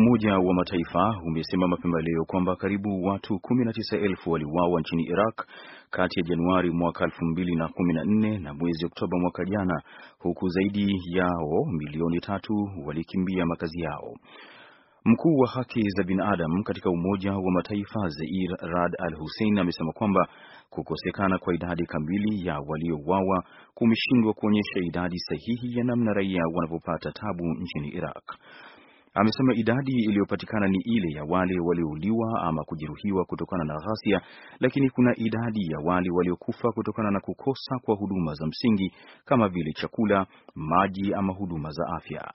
Umoja wa Mataifa umesema mapema leo kwamba karibu watu 19,000 waliuawa nchini Iraq kati ya Januari mwaka 2014 na mwezi Oktoba mwaka jana, huku zaidi yao milioni tatu walikimbia makazi yao. Mkuu wa haki za binadamu katika Umoja wa Mataifa Zeir Rad Al Hussein amesema kwamba kukosekana kwa idadi kamili ya waliouawa kumeshindwa kuonyesha idadi sahihi ya namna raia wanavyopata tabu nchini Iraq. Amesema idadi iliyopatikana ni ile ya wale waliouliwa ama kujeruhiwa kutokana na ghasia, lakini kuna idadi ya wale waliokufa kutokana na kukosa kwa huduma za msingi kama vile chakula, maji ama huduma za afya.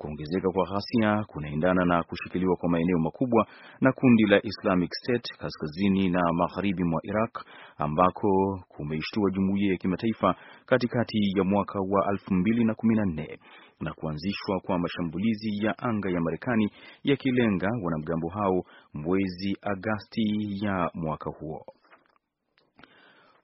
Kuongezeka kwa ghasia kunaendana na kushikiliwa kwa maeneo makubwa na kundi la Islamic State kaskazini na magharibi mwa Iraq ambako kumeishtua jumuiya ya kimataifa katikati ya mwaka wa 2014 na kuanzishwa kwa mashambulizi ya anga ya Marekani yakilenga wanamgambo hao mwezi Agasti ya mwaka huo.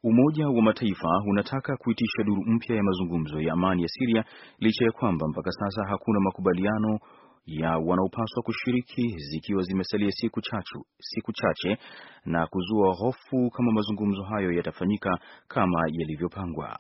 Umoja wa Mataifa unataka kuitisha duru mpya ya mazungumzo ya amani ya Siria licha ya kwamba mpaka sasa hakuna makubaliano ya wanaopaswa kushiriki, zikiwa zimesalia siku chache, siku chache na kuzua hofu kama mazungumzo hayo yatafanyika kama yalivyopangwa.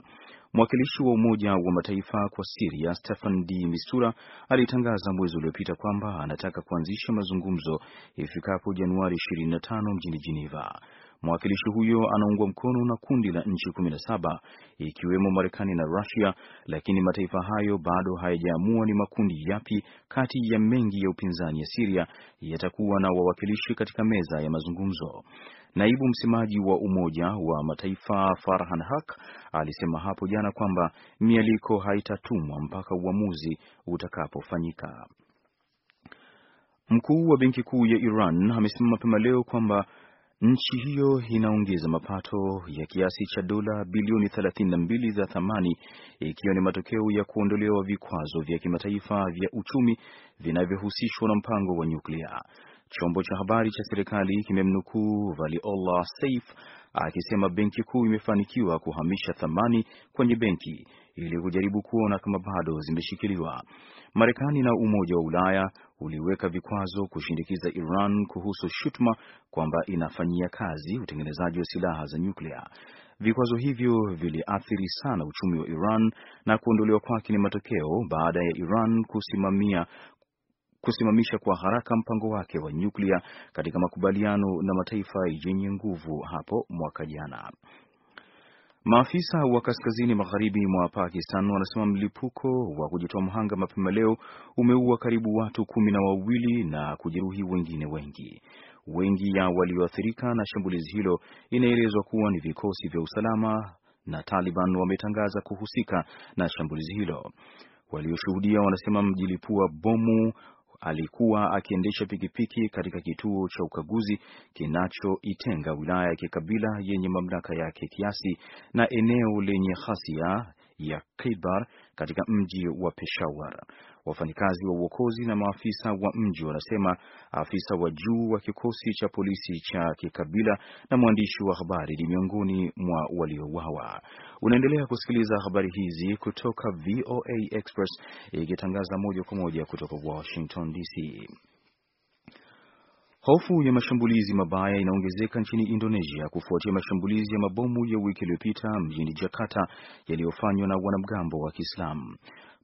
Mwakilishi wa Umoja wa Mataifa kwa Siria Stefan d Mistura alitangaza mwezi uliopita kwamba anataka kuanzisha mazungumzo ifikapo Januari 25 mjini Geneva. Mwakilishi huyo anaungwa mkono na kundi la nchi 17 ikiwemo Marekani na Rusia, lakini mataifa hayo bado hayajaamua ni makundi yapi kati ya mengi ya upinzani ya Siria yatakuwa na wawakilishi katika meza ya mazungumzo. Naibu msemaji wa Umoja wa Mataifa Farhan Haq alisema hapo jana kwamba mialiko haitatumwa mpaka uamuzi utakapofanyika. Mkuu wa benki kuu ya Iran amesema mapema leo kwamba Nchi hiyo inaongeza mapato ya kiasi cha dola bilioni 32 za thamani ikiwa ni matokeo ya kuondolewa vikwazo vya kimataifa vya uchumi vinavyohusishwa na mpango wa nyuklia. Chombo cha habari cha serikali kimemnukuu Valiollah Saif akisema benki kuu imefanikiwa kuhamisha thamani kwenye benki ili kujaribu kuona kama bado zimeshikiliwa. Marekani na Umoja wa Ulaya uliweka vikwazo kushindikiza Iran kuhusu shutuma kwamba inafanyia kazi utengenezaji wa silaha za nyuklia. Vikwazo hivyo viliathiri sana uchumi wa Iran na kuondolewa kwake ni matokeo baada ya Iran kusimamia kusimamisha kwa haraka mpango wake wa nyuklia katika makubaliano na mataifa yenye nguvu hapo mwaka jana. Maafisa wa kaskazini magharibi mwa Pakistan wanasema mlipuko wa kujitoa mhanga mapema leo umeua karibu watu kumi na wawili na kujeruhi wengine wengi. Wengi ya walioathirika na shambulizi hilo inaelezwa kuwa ni vikosi vya usalama na Taliban wametangaza kuhusika na shambulizi hilo. Walioshuhudia wanasema mjilipua bomu alikuwa akiendesha pikipiki katika kituo cha ukaguzi kinachoitenga wilaya ya kikabila yenye mamlaka yake kiasi na eneo lenye ghasia ya Khaibar katika mji wa Peshawar. Wafanyikazi wa uokozi na maafisa wa mji wanasema afisa wa juu wa kikosi cha polisi cha kikabila na mwandishi wa habari ni miongoni mwa waliouawa. Unaendelea kusikiliza habari hizi kutoka VOA Express ikitangaza moja kwa moja kutoka Washington DC. Hofu ya mashambulizi mabaya inaongezeka nchini Indonesia kufuatia mashambulizi ya mabomu ya wiki iliyopita mjini Jakarta yaliyofanywa na wanamgambo wa Kiislamu.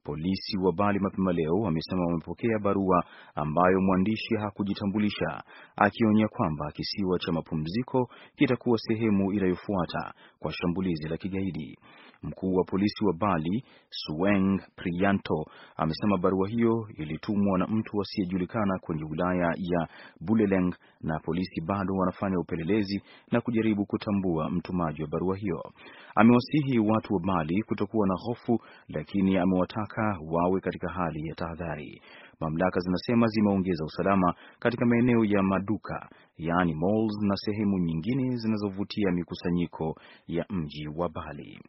Polisi wa Bali mapema leo wamesema wamepokea barua ambayo mwandishi hakujitambulisha, akionya kwamba kisiwa cha mapumziko kitakuwa sehemu inayofuata kwa shambulizi la kigaidi. Mkuu wa polisi wa Bali Sueng Priyanto amesema barua hiyo ilitumwa na mtu asiyejulikana kwenye wilaya ya Buleleng na polisi bado wanafanya upelelezi na kujaribu kutambua mtumaji wa barua hiyo. Amewasihi watu wa Bali kutokuwa na hofu, lakini amewataka mamlaka wawe katika hali ya tahadhari. Mamlaka zinasema zimeongeza usalama katika maeneo ya maduka, yaani malls na sehemu nyingine zinazovutia mikusanyiko ya mji wa Bali.